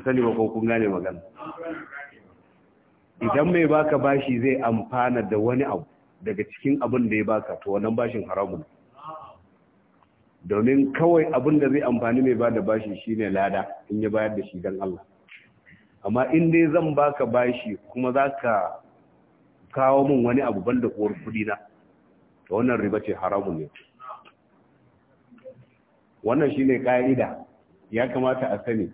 Ka sani ba ko kun gane magana idan mai baka bashi zai amfana da wani abu daga cikin abin da ya baka to wannan bashin haramun domin kawai abin da zai amfani mai bada bashi shine lada in ya bayar da shi don Allah amma in dai zan baka bashi kuma za ka kawo min wani abu banda uwar kudi na to wannan riba ce haramun ne wannan shine ka'ida ya kamata a sani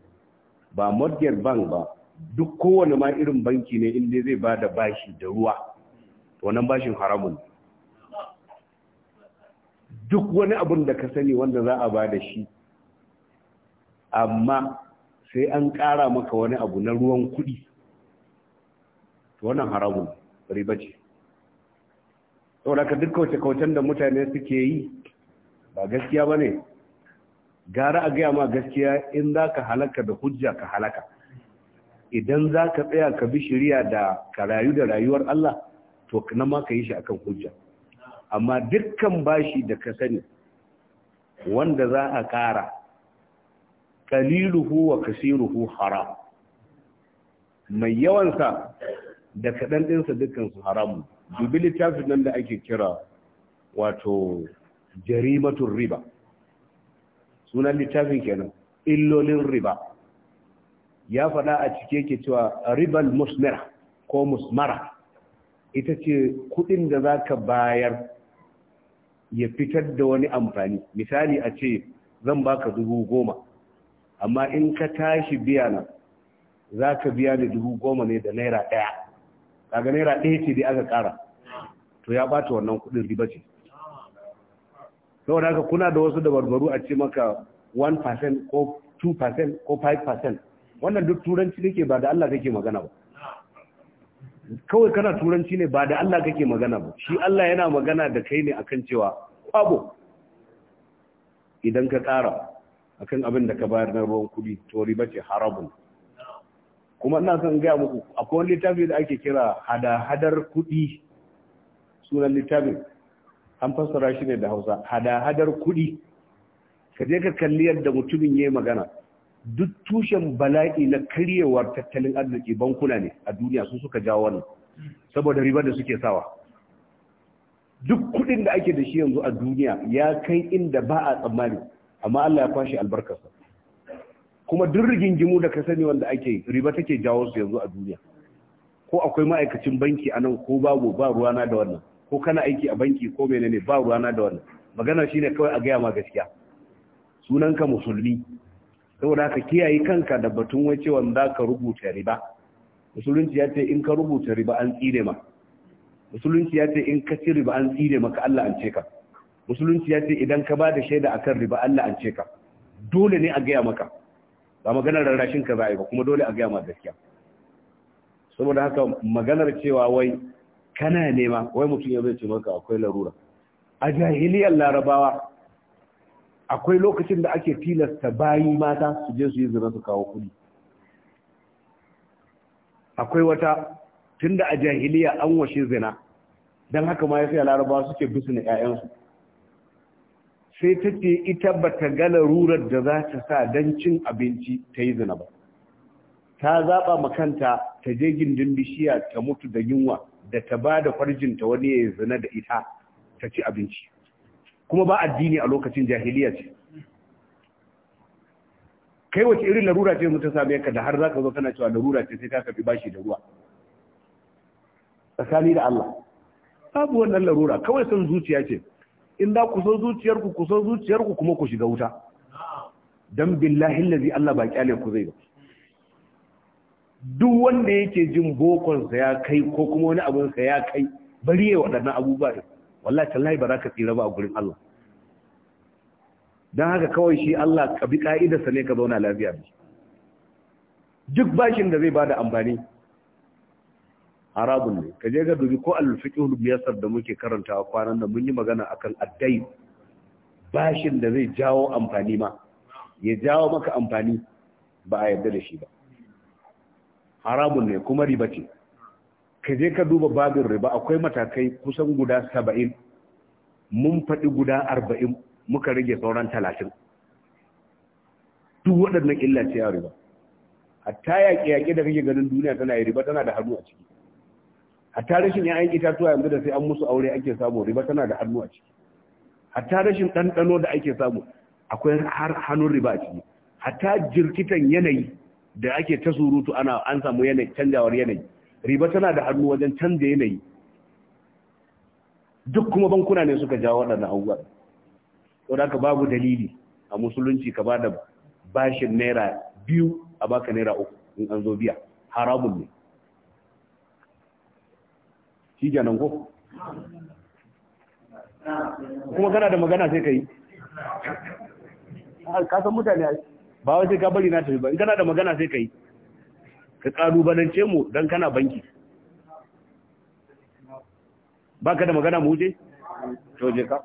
ba mortgage bank ba duk kowane ma irin banki ne inda zai ba da bashi da ruwa wannan bashin haramun duk wani abun da ka sani wanda za a ba da shi amma sai an ƙara maka wani abu na ruwan kuɗi wannan haramun riba ce saboda ka duk kauce-kaucen da mutane suke yi ba gaskiya ba ne gara a gaya ma gaskiya in za ka halaka da hujja ka halaka idan za ka tsaya ka bi shirya da ka rayu da rayuwar Allah to na ma ka yi shi akan hujja amma dukkan bashi da ka sani wanda za a ƙara kaliluhu wa kasiruhu haram mai yawan sa da kaɗan ɗinsa dukkan haramu dubi littafin nan da ake kira wato jarimatun riba sunan littafin kenan illolin riba ya faɗa a cike yake cewa ribal musmira ko musmara ita ce kuɗin da za ka bayar ya fitar da wani amfani misali a ce zan baka dubu goma amma in ka tashi biya na za ka biya ni dubu goma ne da naira ɗaya kaga naira ɗaya ce da aka ƙara to ya bata wannan kuɗin riba ce saboda haka kuna da wasu dabarbaru a ce maka 1% ko 2% ko 5% wannan duk turanci kake ba da Allah kake magana ba kawai kana turanci ne ba da Allah kake magana ba shi Allah yana magana da kai ne akan cewa kwabo idan ka tsara akan abin da ka bayar na ruwan kudi to riba ce harabun kuma ina son gaya muku akwai wani littafi da ake kira hada-hadar kudi sunan littafin an fassara shi ne da hausa hada-hadar kuɗi ka je ka kalli yadda mutumin ya yi magana duk tushen bala'i na karyewar tattalin arziki bankuna ne a duniya su suka jawo wannan saboda ribar da suke sawa duk kuɗin da ake da shi yanzu a duniya ya kai inda ba a tsammani amma Allah ya kwashe albarkarsa kuma duk rigingimu da ka sani wanda ake riba take jawo su yanzu a duniya ko akwai ma'aikacin banki a nan ko babu ba ruwana da wannan ko kana aiki a banki ko menene ba ruwana da wannan magana shine kawai a gaya ma gaskiya sunanka musulmi saboda ka kiyaye kanka da batun wace wanda ka rubuta riba musulunci ya ce in ka rubuta riba an tsire ma musulunci ya ce in ka ci riba an tsire maka Allah an ce ka musulunci ya ce idan ka ba da shaida akan riba Allah an ce ka dole ne a gaya maka ba maganar rarrashin ka ba kuma dole a gaya ma gaskiya saboda haka maganar cewa wai kana nema wai mutum ya zai ce maka akwai larura a jahiliyar larabawa akwai lokacin da ake tilasta bayi mata su je su yi zina su kawo kudi akwai wata tunda a jahiliya an washe zina don haka ma ya fiye larabawa suke bisu 'ya'yansu sai ta ce ita ba ta ga larurar da za ta sa don cin abinci ta yi zina ba ta zaɓa makanta ta je gindin bishiya ta mutu da yunwa da ta ba da farjinta wani ya zina da ita ta ci abinci kuma ba addini a lokacin jahiliya ce kai wace irin larura ce mutum same ka da har za ka zo kana cewa larura ce sai ta kafi bashi da ruwa tsakani da Allah babu wannan larura kawai son zuciya ce in da ku so zuciyarku ku so zuciyarku kuma ku shiga wuta dan billahi allazi Allah ba kyale ku zai ba duk wanda yake jin bokonsa ya kai ko kuma wani abinsa ya kai bari ya wadannan abubuwa ne wallahi tallahi ba za ka tsira ba a gurin Allah don haka kawai shi Allah ka bi ka'idarsa ne ka zauna lafiya ne duk bashin da zai bada amfani harabun ne ka je ga dubi ko al-fiqhul muyassar da muke karantawa kwanan nan mun yi magana akan addai bashin da zai jawo amfani ma ya jawo maka amfani ba a yarda da shi ba haramun ne kuma riba ce ka je ka duba babin riba akwai matakai kusan guda saba'in mun faɗi guda arba'in muka rage sauran talatin duk waɗannan illa ce a riba hatta yaƙe-yaƙe da kake ganin duniya tana yi riba tana da hannu a ciki hatta rashin ‘ya'yan itatuwa yanzu da sai an musu aure ake samu riba tana da hannu a ciki hatta rashin ɗanɗano da ake samu akwai har hannun riba a ciki hatta jirkitan yanayi da ake ta surutu ana an samu yanayi canjawar yanayi riba tana da hannu wajen canja yanayi duk kuma bankuna ne suka jawo waɗannan abubuwa to da ka babu dalili a musulunci ka bada bashin naira biyu a baka naira uku in an zo biya haramun ne shi kenan ko kuma kana da magana sai ka yi ka san mutane a ba wai sai ka bari na tafi ba in kana da magana sai ka yi ka kalubalance mu don kana banki ba ka da magana mu je? to je ka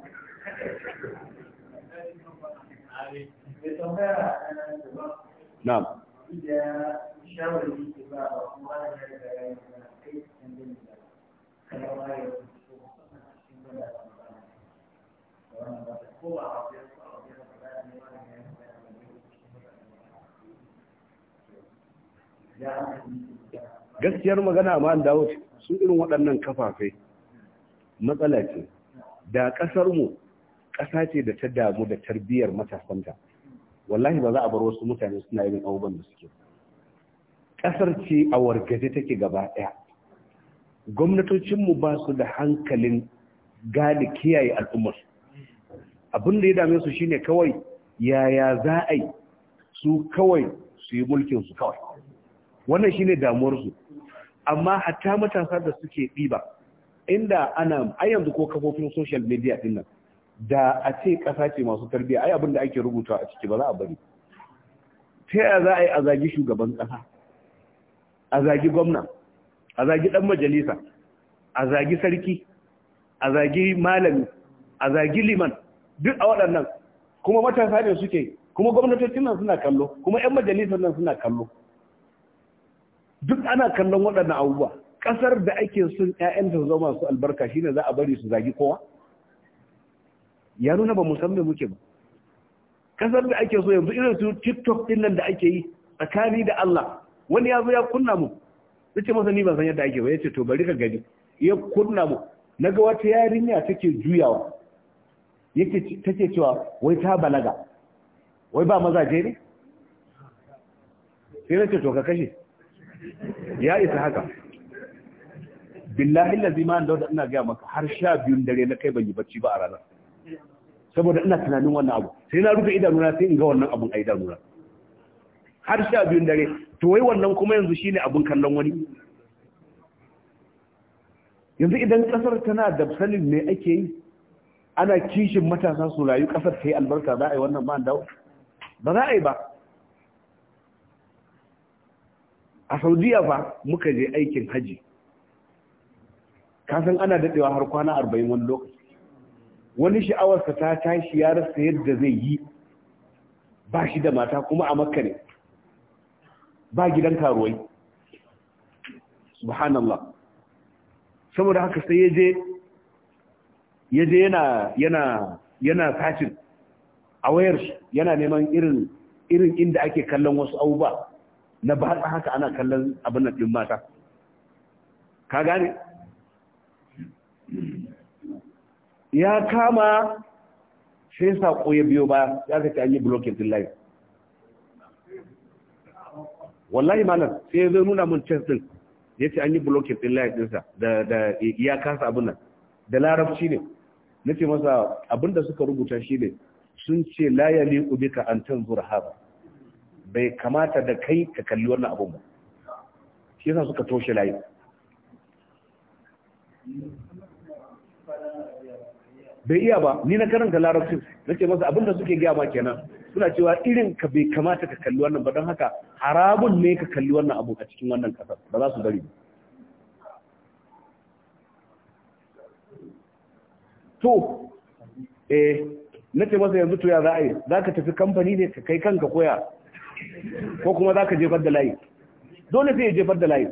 na'am Thank gaskiyar magana ma dawo su irin waɗannan kafafe matsala ce da ƙasar mu ƙasa ce da ta damu da tarbiyyar matasanta wallahi ba za a bar wasu mutane suna yin abubuwan da suke ƙasar ce a wargaje take gaba ɗaya gwamnatocinmu ba su da hankalin gane kiyaye al'ummar abin da ya dame su shine kawai yaya za a yi su kawai su yi mulkin su kawai wannan shine damuwarsu amma hatta matasa da suke ɗiba inda ana ai yanzu ko kafofin social media din nan da a ce ƙasa ce masu tarbiyya ai abin da ake rubuta a ciki ba za a bari ta yaya za a yi a zagi shugaban kasa, a zagi gwamna a zagi ɗan majalisa a zagi sarki a zagi malami a zagi liman duk a waɗannan kuma matasa ne suke kuma gwamnatocin nan suna kallo kuma 'yan majalisar nan suna kallo duk ana kallon waɗannan abubuwa ƙasar da ake sun ƴaƴan su zama su albarka shine za a bari su zagi kowa ya nuna ba mu san me muke ba ƙasar da ake so yanzu irin su TikTok din nan da ake yi tsakani da Allah wani ya zo ya kunna mu ce masa ni ban san yadda ake ba yace to bari ka gani ya kunna mu naga wata yarinya take juyawa yake take cewa wai ta balaga wai ba mazaje ne sai ce to ka kashe ya isa haka billahi lazi ma da ina gaya maka har sha biyun dare na kai ban yi bacci ba a ranar saboda ina tunanin wannan abu sai na rufe idanuna sai in ga wannan abun a idanuna har sha biyun dare to wai wannan kuma yanzu shine abun kallon wani yanzu idan kasar tana da sanin me ake yi ana kishin matasa su rayu kasar ta yi albarka za a yi wannan ba dawo ba za a yi ba a saudiya fa muka je aikin haji kasan ana daɗewa har kwana arba'in wani lokaci wani sha'awarsa ta tashi ya rasa yadda zai yi ba shi da mata kuma a makka ne ba gidan karuwai subhanallah saboda haka sai yaje yaje yana yana sacin a wayar shi yana neman irin irin inda ake kallon wasu abubuwa na ba haka ana kallon abin nan ɗin mata ka gane ya kama sai saƙo ya biyo ba ya kace an yi blocking din live wallahi malam sai zai nuna mun chest din ya ce an yi blocking din ɗinsa da ya kasa abin nan da larabci ne nace masa abinda suka rubuta shi ne sun ce la ubika bika an tanzura haba bai kamata da kai ka kalli wannan abin ba shi yasa suka toshe layi bai iya ba ni na karanta larabci na ce masa abinda suke gaya ma kenan suna cewa irin ka bai kamata ka kalli wannan ba don haka haramun ne ka kalli wannan abu a cikin wannan kasar ba za su bari ba to eh na ce masa yanzu to ya za a yi za ka tafi kamfani ne ka kai kanka koya ko kuma za ka jefar da layi dole sai ya jefar da layi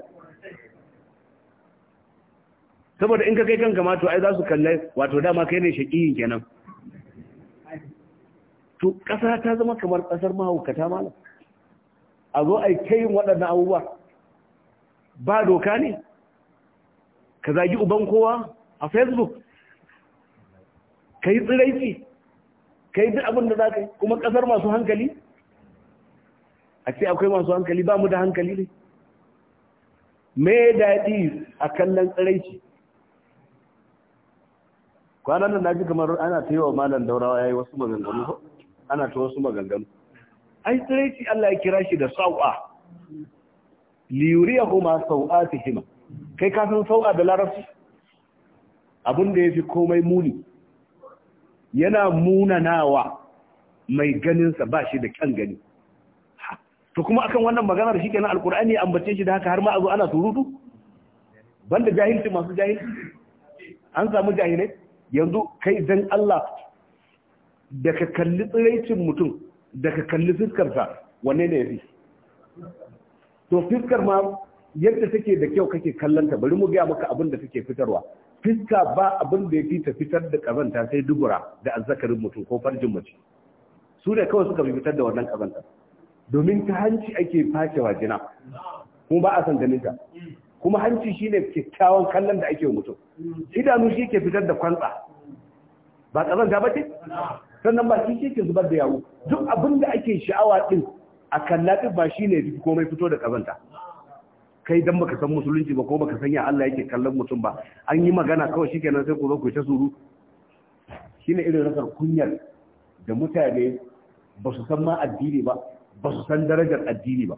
saboda in ka kai kanka mato to ai za su kalle wato dama kai ne shaƙiyin kenan to ƙasa ta zama kamar ƙasar mahaukata malam a zo ai ta yin waɗannan abubuwa ba doka ne ka zagi uban kowa a facebook ka yi tsiraici ka yi duk abin da za ka yi kuma ƙasar masu hankali a ce akwai masu hankali ba mu da hankali ne me daɗi a kallon tsiraici kwanan nan na ji kamar ana ta yi wa malam daurawa ya yi wasu maganganu ana ta wasu maganganu ai tsiraici Allah ya kira shi da sau'a liyuriya kuma sau'a ta hima kai kasan sau'a da larabci abin da ya fi komai muni yana munanawa mai ganinsa ba shi da kyan gani to kuma akan wannan maganar shi kenan alkur'ani ambace shi da haka har ma azo ana surutu banda jahilci masu jahilci an samu jahilai yanzu kai dan Allah da ka kalli tsiraicin mutum da ka kalli fiskarsa wanne ne yafi to fiskar ma yadda take da kyau kake kallanta bari mu gaya maka abin da take fitarwa fiska ba abin da ya ta fitar da kazanta sai dubura da azzakarin mutum ko farjin mace su ne kawai suka fitar da wannan kazantar domin ta hanci ake wa wajina kuma ba a san ganin ta kuma hanci shine kyakkyawan kallon da ake mutum idanu shi ke fitar da kwantsa ba kazanta ba ce sannan ba shi ke zubar da yawo duk abin da ake sha'awa din a kallatin ba shine fi komai fito da kazanta kai dan baka san musulunci ba ko baka san ya Allah yake kallon mutum ba an yi magana kawai shikenan sai ku zo ku ta suru shine irin rasar kunyar da mutane ba su san ma addini ba ba su san darajar addini ba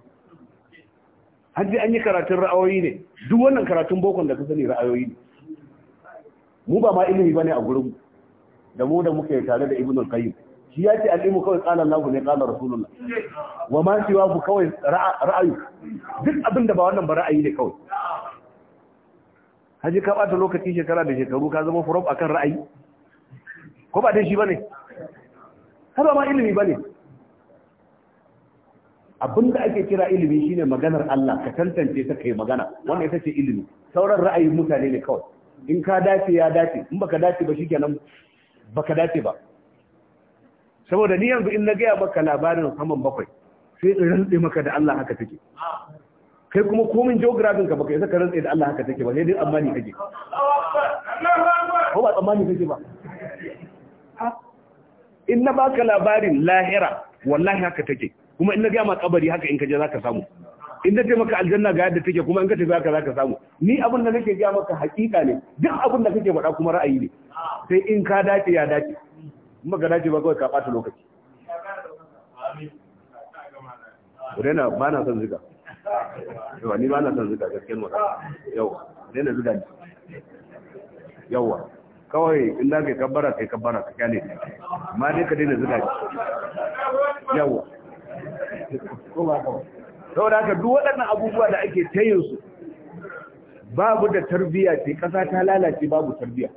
hajji an yi karatun ra'ayoyi ne duk wannan karatun bokon da ka sani ra'ayoyi ne mu ba ma ilimi bane a gurin da mu da muke tare da ibnu qayyim shi yace alimu kawai qala Allahu ne qala rasulullah wa ma siwa ku kawai ra'ayi duk abin da ba wannan ba ra'ayi ne kawai haji ka bata lokaci shekara da shekaru ka zama furof akan ra'ayi ko ba dai shi bane har ba ma ilimi bane da ake kira ilimi shine maganar Allah ka tantance ta kai magana wannan ita ce ilimi sauran ra'ayin mutane ne kawai in ka dace ya dace in baka dace ba shikenan baka dace ba saboda ni yanzu in na gaya maka labarin saman bakwai sai in rantse maka da Allah haka take kai kuma komin geography ka baka isa ka rantse da Allah haka take ba sai dai amma ni kake ko ba tsammani kake ba in na baka labarin lahira wallahi haka take kuma in na gaya ma kabari haka in ka je zaka samu in na maka aljanna ga yadda take kuma in ka tafi haka zaka samu ni abin da nake gaya maka hakika ne duk abin da kake faɗa kuma ra'ayi ne sai in ka dace ya dace kuma ka dace ba kawai ka ɓata lokaci Rena ba na son zika. Yawa ni ba na son zika gaskiyar maka. Yawa, rena zika ne. Yawa, kawai in na ka kabbara ka yi kabbara ka kyale. Ma dai ka daina zika ne. Yawa. ko ba kawai saboda haka duk waɗannan abubuwa da ake tayin su babu da tarbiyya ce ƙasa ta lalace babu tarbiyya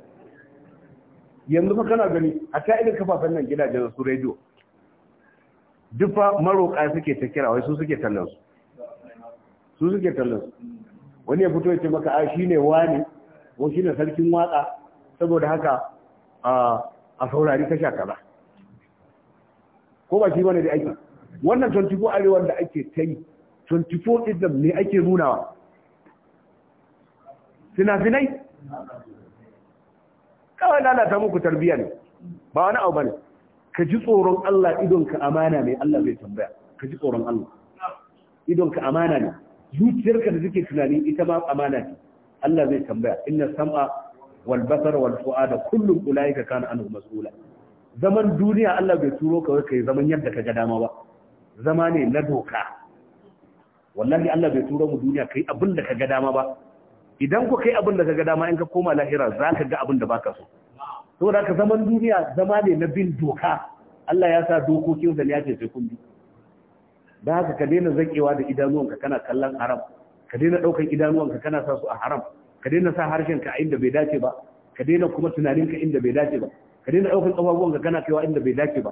yanzu fa kana gani a ta irin kafafen nan gidajen su rediyo duk fa maroƙa suke ta kira wai su suke tallan su su suke tallan su wani ya fito ya ce maka a shine wani ko shine sarkin waka saboda haka a saurari tasha kaza ko ba shi bane da aiki wannan 24 arewa da ake ta yi 24 islam ne ake nunawa finafinai kawai lalata muku tarbiyya ne ba wani abu ne. ka ji tsoron Allah idonka amana ne Allah bai tambaya ka ji tsoron Allah idonka amana ne zuciyarka da take tunani ita ma amana ne. Allah zai tambaya inna sam'a wal basar, wal fu'ada kullum ulaika kana anhu mas'ula zaman duniya Allah bai turo ka kai zaman yadda ka ga dama ba zama ne na doka wallahi Allah bai tura mu duniya kai abin da ka ga dama ba idan ku kai abin da ka ga dama in ka koma lahira za ka ga abin da baka so saboda ka zaman duniya zama ne na bin doka Allah ya sa dokokin da ya ce sai kun bi da haka ka daina zakewa da idanuwan ka kana kallon haram ka daina daukan ka kana sa su a haram ka daina sa harshen a inda bai dace ba ka daina kuma tunaninka inda bai dace ba ka daina ɗaukar kafafuwan ka kana kaiwa inda bai dace ba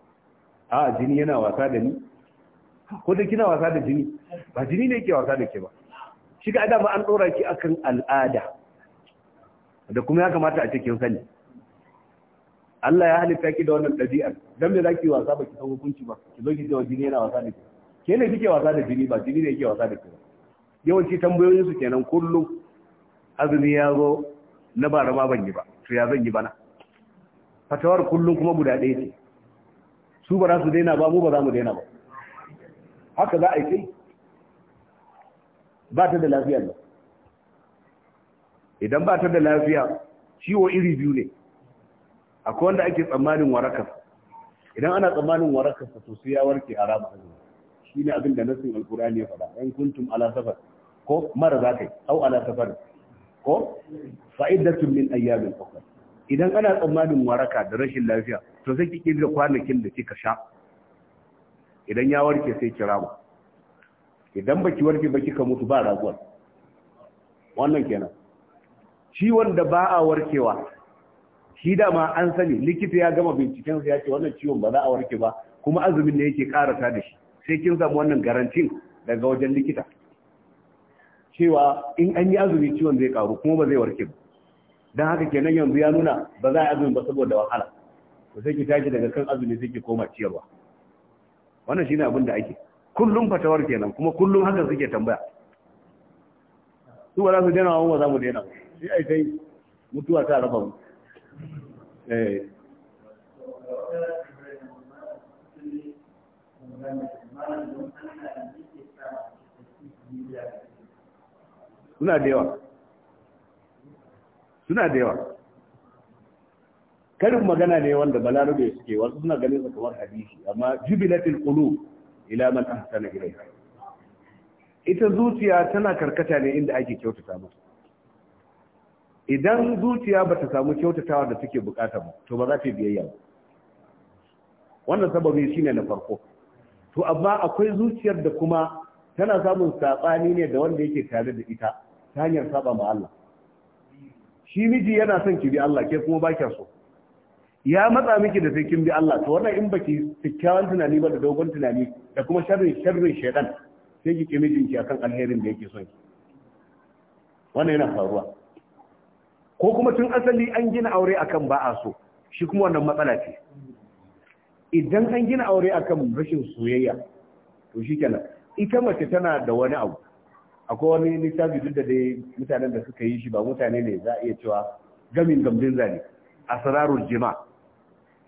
a jini yana wasa da ni ko da kina wasa da jini ba jini ne yake wasa da ke ba shi ga adama an dora ki akan al'ada da kuma ya kamata a cikin sani Allah ya halitta ki da wannan dabi'a dan me zaki wasa ba ki san hukunci ba ki zo ki ce jini yana wasa da ke ke ne kike wasa da jini ba jini ne yake wasa da ke ba yawanci tambayoyin su kenan kullum azumi ya zo na ba rama ban yi ba to ya zan yi bana fatawar kullum kuma guda ɗaya ce su ba za su daina ba mu ba za mu daina ba haka za a yi kai ba ta da lafiya ba idan ba ta da lafiya ciwo iri biyu ne akwai wanda ake tsammanin warakar idan ana tsammanin warakar ta to ya warke a rama shi ne abin da nasin alkurani ya faɗa yan kuntum ala safar ko mara za kai au ala safar ko fa'idatun min ayyamin ukhra idan ana tsammanin waraka da rashin lafiya to sai ki da kwanakin da kika sha idan ya warke sai kira mu idan baki warke ba kika mutu ba raguwar wannan kenan ciwon da ba a warkewa shi dama an sani likita ya gama binciken ya ce wannan ciwon ba za a warke ba kuma azumin ne yake karata da shi sai kin samu wannan garantin daga wajen likita cewa in an yi azumi ciwon zai karu kuma ba zai warke ba don haka kenan yanzu ya nuna ba za a azumi ba saboda wahala to sai ki tashi daga kan azumi sai ki koma ciyarwa wannan shine abin da ake kullum fatawar kenan kuma kullum haka suke tambaya su ba za su daina wa za mu daina sai ai sai mutuwa ta rafa mu eh suna da yawa suna da yawa karin magana ne wanda balarabe suke wasu suna ganin su kamar hadisi amma jubilatil qulub ila man ahsana ilayha ita zuciya tana karkata ne inda ake kyautata mata idan zuciya bata samu kyautatawa da take bukata ba to ba za ta biyayya ba wannan sababi shine na farko to amma akwai zuciyar da kuma tana samun sabani ne da wanda yake tare da ita ta hanyar saba ma Allah shi miji yana son ki bi Allah ke kuma baki so ya matsa miki da sai kin bi Allah to wannan in baki kikkiawan tunani ba da dogon tunani da kuma sharrin sharri shaytan sai ki kimi jinki akan alherin da yake son ki wannan yana faruwa ko kuma tun asali an gina aure akan ba a so shi kuma wannan matsala ce idan an gina aure akan rashin soyayya to shikenan ita mace tana da wani abu akwai wani littafi duk da dai mutanen da suka yi shi ba mutane ne za a iya cewa gamin gambin zane a asrarul jima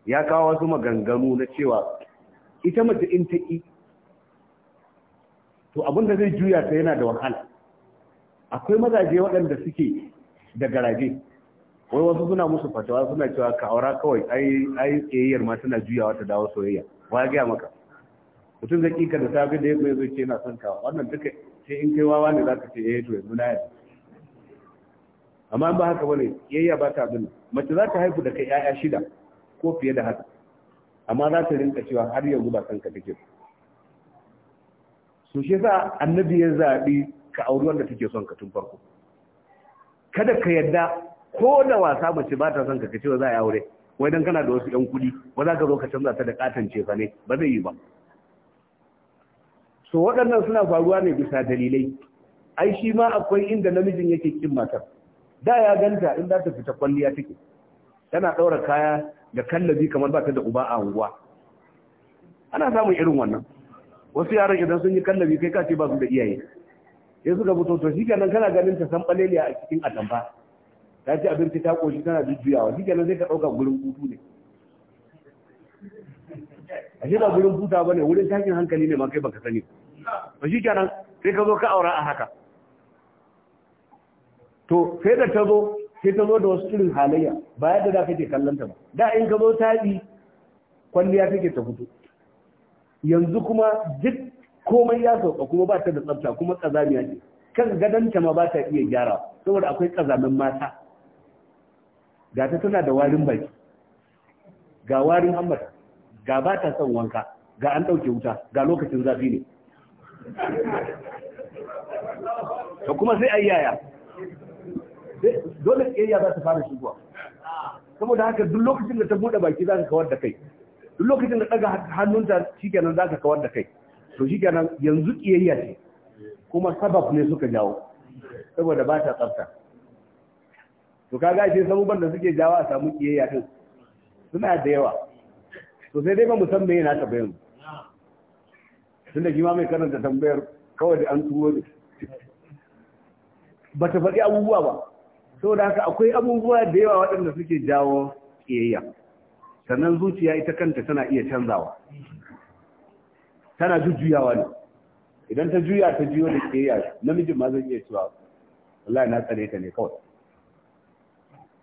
ya kawo wasu maganganu na cewa ita mace in ta yi to abin da zai juya ta yana da wahala akwai mazaje waɗanda suke da garaje wai wasu suna musu fatawa suna cewa ka aura kawai ai ai tsayayyar ma tana juyawa ta dawo soyayya wa ya gaya maka mutum zai kika da safe da ya zai ce yana son ka wannan duka sai in kai wawa ne za ka ce eh to yanzu na yadda amma in ba haka bane yayya ba ta bin mace za ta haifu da kai yaya shida ko fiye da haka amma za ta rinka cewa har yanzu ba san ka take so shi yasa annabi ya zabi ka auri wanda take son ka tun farko kada ka yadda ko da wasa mace ba ta son ka cewa za a aure wai dan kana da wasu yan kudi ba za ka zo ka canza ta da katance fa ne ba zai yi ba to waɗannan suna faruwa ne bisa dalilai ai shi ma akwai inda namijin yake kin matar da ya ganta in za ta fita kwalliya take tana ɗaura kaya da kallabi kamar ba ta da uba a unguwa ana samun irin wannan wasu yaran idan sun yi kallabi kai kace ba su da iyaye sai suka fito to shikenan kana ganin ta san baleliya a cikin atamba ta ci abinci ta koshi tana jujjuyawa shikenan zai ka ɗauka gurin hutu ne A shi ba gurin ba ne wurin takin hankali ne ma kai baka sani ba ba shi kenan sai ka zo ka aura a haka to sai da tazo, sai ta zo da wasu irin halayya ba yadda za ka ke kallon ta ba da in ka zo taɗi kwalliya take ta fito yanzu kuma duk komai ya sauka kuma ba ta da tsafta kuma kazamiya ce kan ta ma ba ta iya gyara saboda akwai kazamin mata ga ta tana da warin baki ga warin hammata ga ba ta son wanka ga an ɗauke wuta ga lokacin zafi ne to kuma sai ayi yaya dole iyayya za ta fara shigowa saboda haka duk lokacin da ta bude baki za ka kawar da kai duk lokacin da daga hannunta shikenan za ka kawar da kai to shikenan yanzu iyayya ce kuma sabab ne suka jawo saboda ba ta tsafta to kaga shi sabuban da suke jawo a samu iyayya din suna da yawa to sai dai ba mu san me yana ta bayan tunda kima mai karanta tambayar kawai da an tuwo da ba ta faɗi abubuwa ba saboda haka akwai abubuwa da yawa waɗanda suke jawo ƙiyayya sannan zuciya ita kanta tana iya canzawa tana jujjuyawa ne idan ta juya ta juyo da ƙiyayya namijin ma zai iya cewa wallahi na tsare ta ne kawai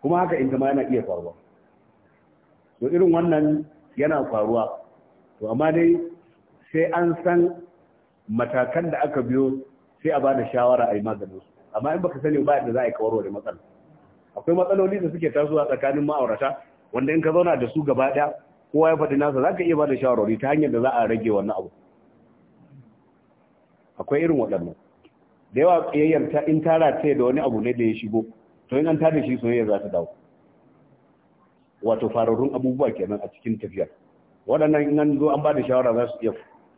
kuma haka in ma yana iya faruwa to irin wannan yana faruwa to amma dai sai an san matakan da aka biyo sai a ba da shawara a yi maganin amma in baka sani ba yadda za a yi kawar da matsala akwai matsaloli da suke tasowa tsakanin ma'aurata wanda in ka zauna da su gaba ɗaya kowa ya faɗi nasa za ka iya ba da shawarwari ta hanyar da za a rage wannan abu akwai irin waɗannan da yawa ƙiyayyar ta in tara ta da wani abu ne da ya shigo to in an tada shi soyayya za ta dawo wato fararrun abubuwa kenan a cikin tafiyar waɗannan in an zo an ba da shawara za su iya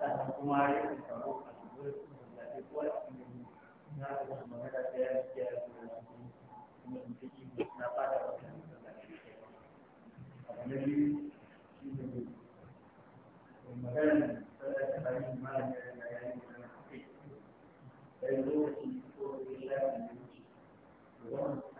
sannan kuma ya fi samu a cikin zaɓe ko a cikin na da da kuma da ke abu na biyu shi ne magana ta ya yi kai lokaci ko da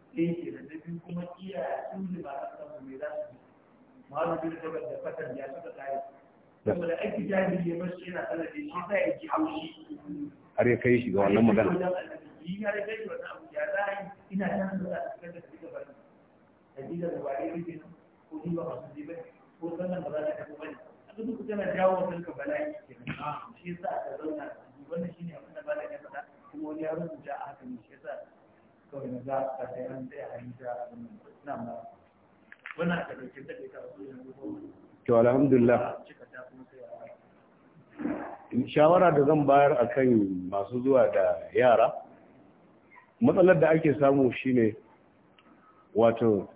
ɗaya da biyu kuma iya sun ji ba a samu mai za su ma'azu bin jabar da fatan ya suka kare saboda aiki jami'i ya bar shi yana tsallake shi sa ya ji haushi har ya kai shi ga wannan magana yi ya rage shi wannan abu ya za a yi ina can da za a fitar da su gaba ne da ji da rubaye rikin ko ji ba masu ji ba ko sannan ba za ta tafi ba ne a duk tana jawo wa kanka bala'i kenan shi yasa ta nan ba shawara da zan bayar a kan masu zuwa da yara matsalar da ake samu shine wato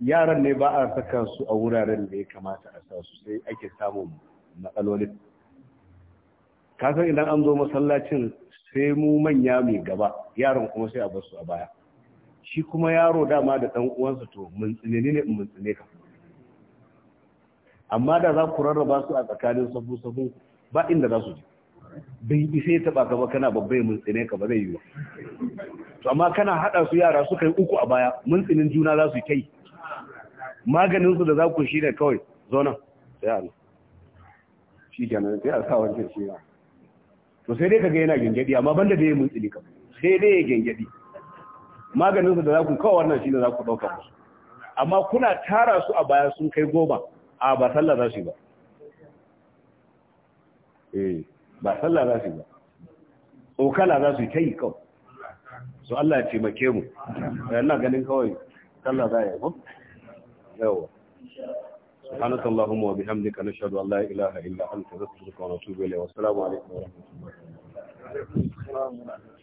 yaran ne ba a saka su a wuraren da ya kamata a sa su sai ake samun matsalolin kasan idan an zo masallacin sai mu manya mai gaba yaron kuma sai a basu a baya shi kuma yaro dama da ɗan uwansa to mun tsine ne mun tsine ka amma da za ku rarraba su a tsakanin sabu sabu ba inda za su je bai yi sai taba gaba kana babbai mun tsine ka ba zai yi to amma kana hada su yara suka yi uku a baya mun tsinin juna za su kai maganin su da za ku shi ne kawai zo nan sai Allah shi kenan sai a sa wancan shi ba to sai dai kaga yana gengedi amma banda da yayi mun tsili kamar sai dai ya gengedi maganin su da za ku kawo wannan shi ne za ku ɗauka musu amma kuna tara su a baya sun kai goma a ba sallah za su yi ba eh ba sallah za su yi ba okala za su yi ta yi kawai su Allah ya taimake mu ina ganin kawai sallah za ya yi ba yawa سبحانك اللهم وبحمدك نشهد أن لا إله إلا أنت نستغفرك ونتوب إليك والسلام عليكم ورحمة الله